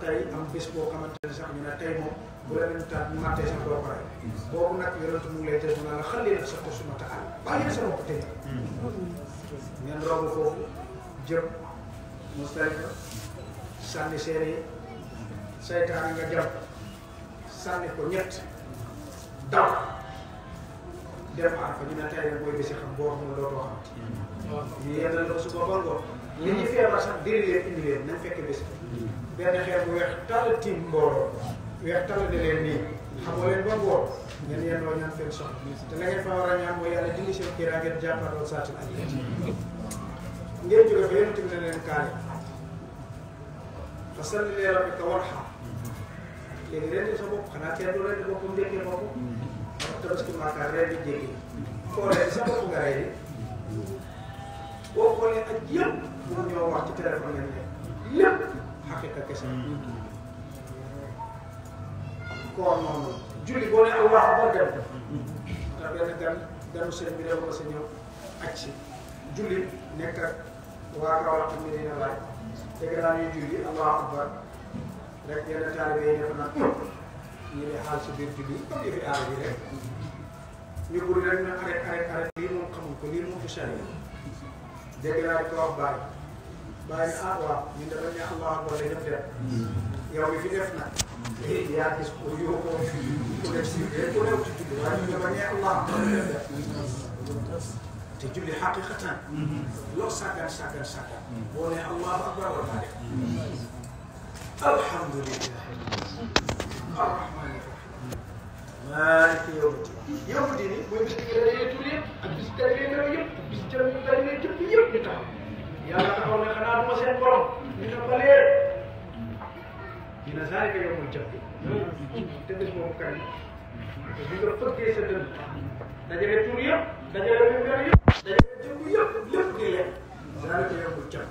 tey am bés boo xamante ne sax ñu ne tey moom bu la leen taat màttee sax doo ko boobu nag yonent mu ngi lay des naa la xale la sa ko suma taxal bàyyi sa bopp tey ngeen romb foofu sànni seere yi saytaan nga jàpp sànni ko ñett daw dem aar fa ñu ne tey rek booy xam boo xam ne dootoo xam mm-hmm. yenn la su boobal ko li ñu feebar sax déri leen indi leen nañ fekk bés mm. benn xeer bu weex tàll tiim mbooloo weex tàll di leen nii xamoo leen ba ngoor ngeen yeen loo ñaan seen soxla te la ngeen fa war a ñaan mooy yàlla dindi seen kiraa ngeen jàppaloo saatin ak ngeen jóge fa yonent bi ne leen kaale fa salli li rabbika warham léegi ren di sa bopp xanaa kenn du ren di boppam njëkkee boppam wax tabaski maakaar ren mun ñoo wax ci téléphone ngeen ne lépp xaqiqa kese koor noonu julli boo ne allahu akbar dem ndax benn ganu seen bi réew ma sa ñëw ak si julli dina laaj dégg naa ñuy julli allahu akbar rek yenn taalibe yi def nag ñu ne xaal si biir julli comme yëfi aar bi rek ñu bëri rek ñu arrêt arrêt arrêt lii moom xamul ko lii moom fi changé dégg naa ko wax bàyyi bayi awa min da ranya Allah ko da gafira yau mi fitna eh ya kis ko yo ko ko da shi ko ko da wani da ranya Allah ko da تجيب لي حقيقة لو سكر سكر سكر ولا الله أكبر ولا الحمد لله الرحمن الرحيم مالك يوم الدين يوم الدين وين بيستغرقوا ليه بيستغرقوا ليه بيستغرقوا ليه بيستغرقوا ليه yàlla taxaw ne xanaa du ma seen borom ñu ne balee dina saari ka yow muy jëm te bés boobu kañ te bi nga fëggee sa dënn dajale tur yëpp dajale mbir yëpp dajale jëmm yëpp yëpp di leen saari ka yow muy jëm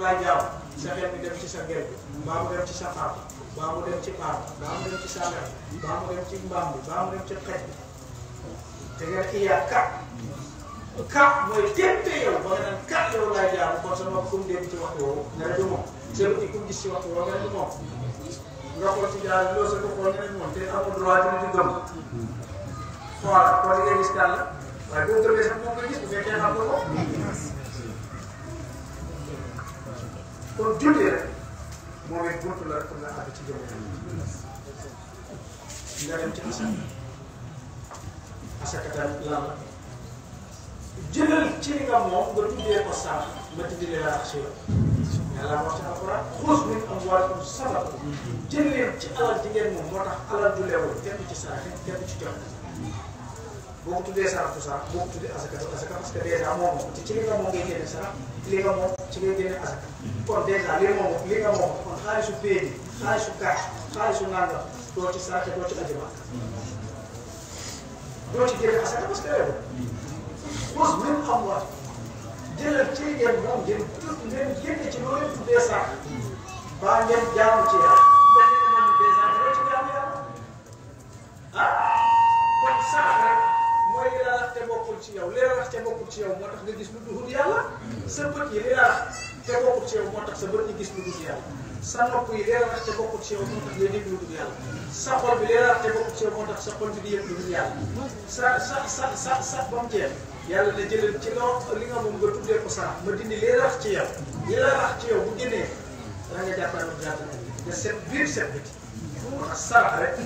laa jaaw sa xel mi dem ci sa gel mbaa mu dem ci sa xaar mbaa mu dem ci paar mbaa mu dem ci sa mer mbaa iya ya. ya, kum dem ci waxtu woowu nga kum gis ci waxtu woowu nga ne du moom nga xool ci daal loo sa ko xool nga ne moom te amul droit kon tuuti rek moom it buntu la pour nga àgg ci jamono yi nga dem ci asaka asaka daal lan la jëlal ci li nga moom nga tuddee ko sànq ma tuddee laa wax si yow yàlla wax ci alquran xuus min amwaalikum sadaqa jël leen ci alal ji ngeen moom moo tax alal du leewul kenn ci saraxe kenn ci jox boo ko tuddee saraxu sarax boo ko tuddee asaka du asaka parce que dèjà moom ci ci li nga moom ngay génne sarax ci li nga moom ci ngay génne asaka kon dèjà li moom li nga moom kon xaalisu pay bi xaalisu kaas xaalisu nangam doo ci sarax doo ci ajuma doo ci génne asaka parce que réew xus min xam waat jëlal ci ngeen moom ngeen tut ngeen génne ci loolu tuddee sarax baa ngeen jaamu ci yàlla ba ngeen moom dèjà doo ci jaamu yàlla ah kon sarax rek bokkul ci ci yow moo tax nga gis lu duhul yàlla sa bët yi leerax ci yow moo tax sa bët yi gis lu duhul yàlla sa nopp yi leerax ci yow moo tax ngay dégg lu duhul yàlla sa xol bi leerax ci sa xol bi di lu duhul yàlla sa sa sa sa sa bam jeex yàlla ne jëlal ci loo li nga nga ko ma dindi ci ci bu da nga mu set set rek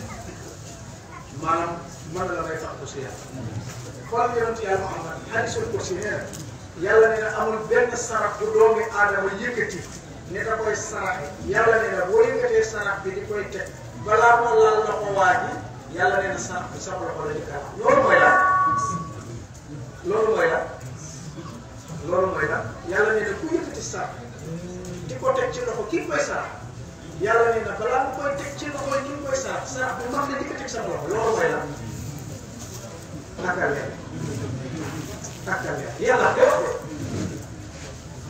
la tax ko comme yonent yàlla Muhammad hadiisul qudsi nee na yàlla nee na amul benn sarax bu doomi aadama yëkkati ne da koy sarax yàlla nee na boo yëkkatee sarax bi di koy teg balaa moo laal la ko waa ji yàlla nee na sarax bi sax la ko la jëkkaat loolu mooy la loolu mooy la loolu mooy la yàlla ko teg ci loxo kii koy sarax yàlla nee na balaa mu koy teg ci loxo kii koy sarax sarax bi la takkal leen takkal leen yàlla def ko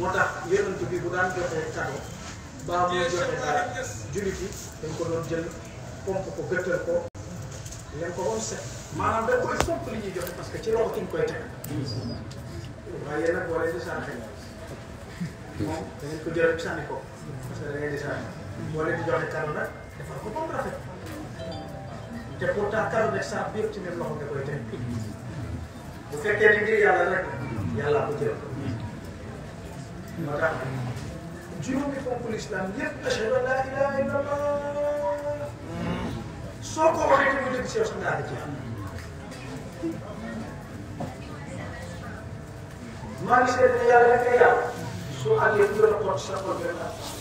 moo tax yonent bi bu daan joxee cadeau baa muy joxe dara jullit yi dañ ko doon jël pomp ko gëttal ko leen ko woon set maanaam dañ koy sopp li ñuy joxe parce que ci loxo ki ñu koy teg waaye nag wala di sànni moom dañ ko jël sànni ko parce que da ngay di sànni wala di ko moom rafet te pourtant kàlla beeg saaf bi yëpp ci même loxo nga koy teg bu fekkee ni ngir yàlla rek yàlla ko jël. moo tax juróomi fonk lislaam yëpp ashhadu an laa ilaaha ko waxee ni mu dëgg si yow sax daal di jeex. maa ngi seetlu ne yàlla rek nga yàlla soo àggee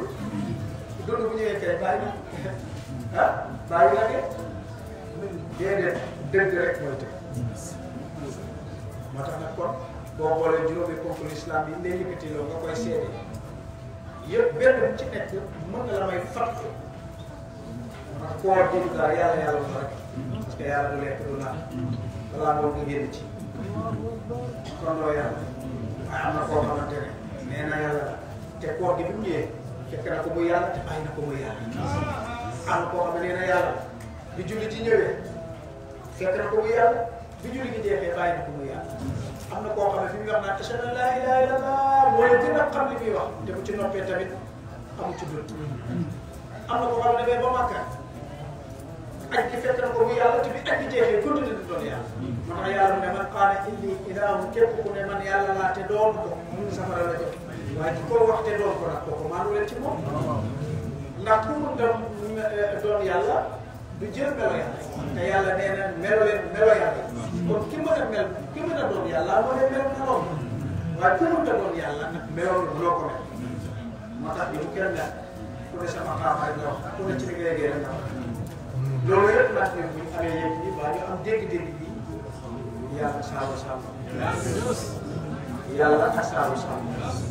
loolu bu ñëwee kay bàyyi ah bàyyi la de déedéet dëgg rek mooy tëj moo tax nag kon boo xoolee juróomi ponk islam yi lay yëkkati loo nga koy seede yëpp benn ci nekk mën na la may fàttu ndax koo jël daal yàlla yàlla mu rek parce que yàlla du lekk du naan balaa moom nga génn ci kon loo yàlla waaye am ne nee na yàlla la te koor gi bu ñëwee fekk na ko muy yàlla te bàyyi na ko muy yàlla. am koo xam ne nee na yàlla bi julli ji ñëwee fekk na ko muy yàlla bi julli gi jeexee bàyyi na ko muy yàlla. am na koo xam ne fi muy wax naan ashhadu an laa ilaaha illallaah mooy gën a xam li muy wax te bu ci noppee tamit amu ci dund. am na koo xam ne demee ba Makka. aj gi fekk na ko bu yàlla te bi aj gi jeexee continué di doon yàlla. moo tax yàlla mu ne man qaala inni ilaahu képp ku ne man yàlla laa te doon ko. safara la jot. waaye ki ko wax te doon ko nag kooku maanu leen ci moom ndax ku mun doon eh, doon yàlla du jël melo yàlla na melo leen melo yàlla kon ki mën a mel ki mën a doon yàlla moo ne melo meloom waaye ku mun a doon yàlla nag melo loo ko mel moo tax yow kenn la ku ne sama xaabaay nga wax ku ne ci li ngay génn nga wax loolu yëpp nag ñun ñu amee yëpp bi waa ñu am dégg-dégg bi yàlla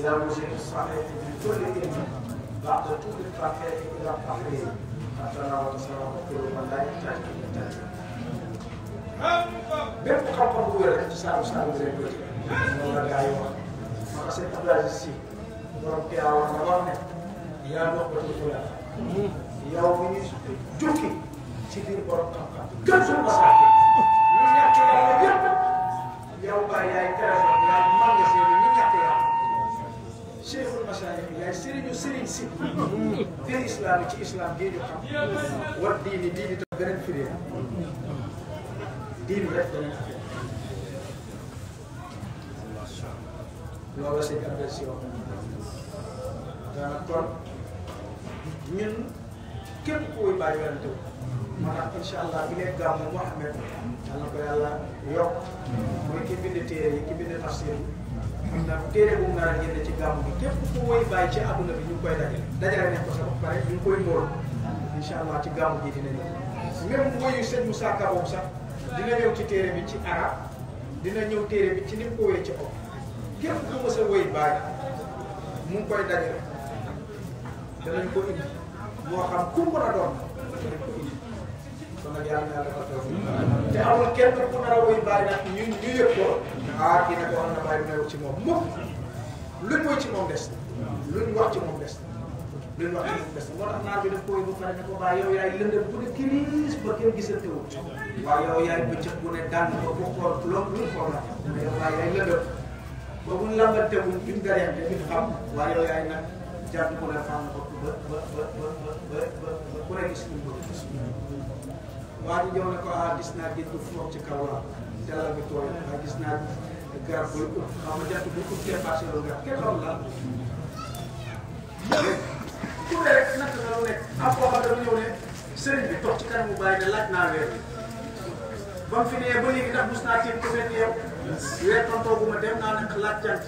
إلى وجه الصحيح في كل إمام بعد طول الترفيه إلى التحريم فتناول سلام كل من لا يحتاج إلى التأثير. bépp xam-xam bu wér rek ci saabu saabu lay bëri moom la gars yi wax ma ko seen Abdoulaye Si borom Kira wax na wax ne yaa ndox ba tuuti la yow mi ñuy jukki ci biir borom xam-xam gën suñu basaar bi ñu ñàkk yow yëpp yow bàyyi yaay sëriñ si firi islam ci islam bii ñu xam war diini diini tam beneen firi diini rek beneen firi loolu la seen affaire si wax kon ñun képp kuy bàyyi wante moo tax incha allah bi ngay gàmmu Mouhamed yàlla ko yàlla yokk mooy ki bind téere yi ki bind tafsir am na téere bu mu nar a génne ci gàmmu bi képp ku woy bàyyi ci àdduna bi ñu ngi koy dajale dajale nañ ko sax ba pare ñu ngi koy mbool incha allah ci gàmmu bi dina ñëw même woyu sëñ Moussa Ka boobu sax dina ñëw ci téere bi ci arab dina ñëw téere bi ci ni mu ko woyee ci ëpp képp ku mës a woy mu ngi koy dajale danañ ko indi moo xam ku mën a kon nag yàlla na ko te amul kenn ku nar a wéy bàyyi nag ñu ko ah kii nag wax na bàyyi may wax ci moom moom luñ woy ci moom des luñ wax ci moom des luñ wax ci moom des moo tax naar bi daf ko waa yow yaay lëndëm bu ba kenn gisante wu waaw yow yaay bëccëg bu ne daan ba bu xool loo luñ xool la mais yow waa yaay lëndëm ba buñ lambanteewul duñ garante duñ xam waa yow yaay nag jàpp ko la xam ko ba ba ba ba ba ba ku ne gis luñ bëgg waa ji ñëw ne ko ah gis naa géej bu foog ci kaw la dalal bi tooy ah gis naa garab buy ut xam nga jant buy kee passé loolu garab kenn loolu la. ku ne rek naka la koo xam dem naa ne laaj jant.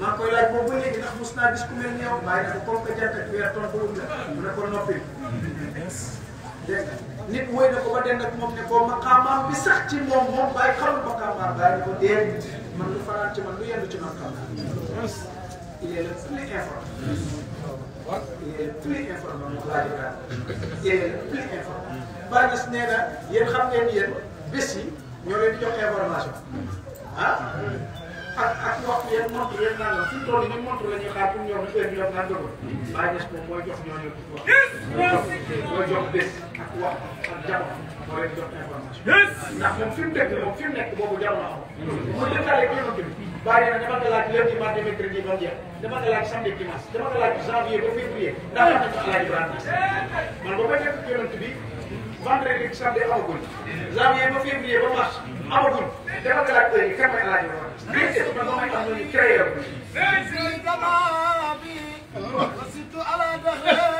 maa koy laaj boobu ba ndax mos naa gis ku mel ni yow bàyyi na ko comme que jant ak weer tontu wul la mu ko noppi. nit wëy na ko ba dend moom ne ko maqaamaam bi sax ci moom moom bàyyi xamul maqaamaam bàyyi ni ko man lu fanaan ci man lu yendu ci man xam naa il est le plus informé il est le plus informé il est le plus informé baa gis nee na yéen xam ngeen yéen bés yi ñoo leen information ah? ak ak wax yéen montre yéen naan la suñu tool yi montre la ñuy xaar pour ñoom ñu yor naan doon bàyyi des moom mooy jox ñooñu wax mooy jox bés ak wax ak jamono moo leen jox information. ndax moom fi mu dëkk moom fi mu nekk boobu jamono amul. mooy détaillé ko yonante bi bàyyi na dama ko laaj lundi mardi mercredi ba jeex dama ko laaj samedi dimanche dama ko laaj janvier ba février ndax am nañu alaaj Ibrahima man ba ma nekk yonante bi vendredi samedi amagul janvier ba février ba mars amatul demal nga laaj yi képp laaj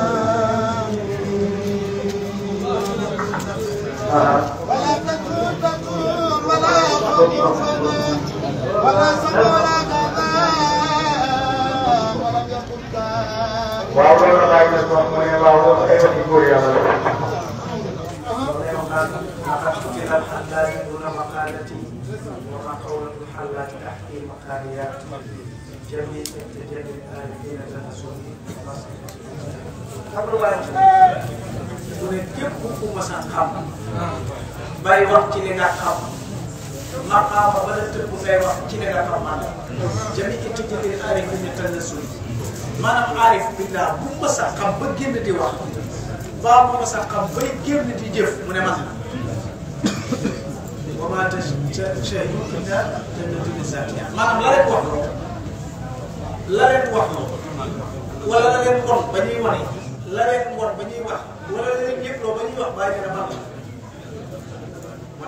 waaw loolu ay wax yu góor yàlla la. mu ne képp ku mas a xam. bàyyi wax ci li nga xam. maqaama ba la tëbb ngay wax ci li nga xam. jami itti jëlee aaree ñu tënk suuf. maanaam aarif billah bu ma sax xam ba génn di wax baa bu ma sax xam génn di jëf mu ne man la. wa maa tashaa'i'uuna illaa tajriba zaatiha maanaam la leen wax loo la leen wax loo wala la leen won ba ñuy wane la leen won ba ñuy wax wala la leen yëgloo ba ñuy wax bàyyi na man la.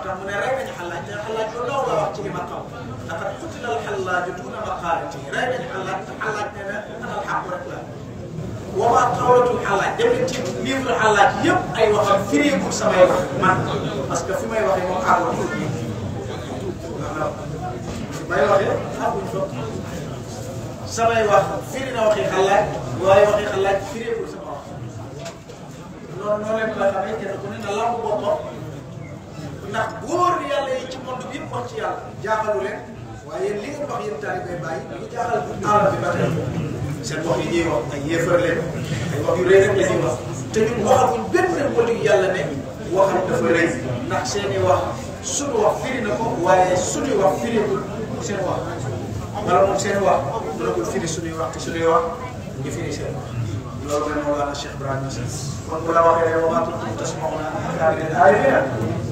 tax mu ne rey nañu xalaaj te xalaaj lu ndaw la wax ci li ma xaw laqad qutila al xalaaju duuna maqaalihi rey nañu xalaaj te xalaaj nee na anal xàqu rek la wa maa qawlatul xalaaj dem leen ci livre xalaaj yëpp ay waxam firéegul samay wax man parce que fi may waxee moom xaar wax may waxee xaaruñ ko samay wax firi na waxi xalaaj waaye waxi xalaaj firéegul sama wax loolu noonu leen la xamee kenn ku ne na lamb boppam ndax góor yàlla yi ci monde bi yëpp wax ci yàlla jaaxalu leen waaye li ngeen wax yéen taalibe yi bàyyi ñu jaaxal àll bi ba tey seen wax yi ñuy wax ay yéefar leen ay wax yu rëy rek la ñuy wax te ñun waxaguñ benn politique yàlla ne waxam dafa rëy ndax seen i wax suñu wax firi na ko waaye suñuy wax firiwul seen wax wala moom seen wax dina ko firi suñuy wax te suñuy wax ñu firi seen wax loolu mooy Mawlana Cheikh Ibrahima Niass kon bu la waxee waxaatul tasmauna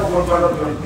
Ja, das war ein toller Punkt.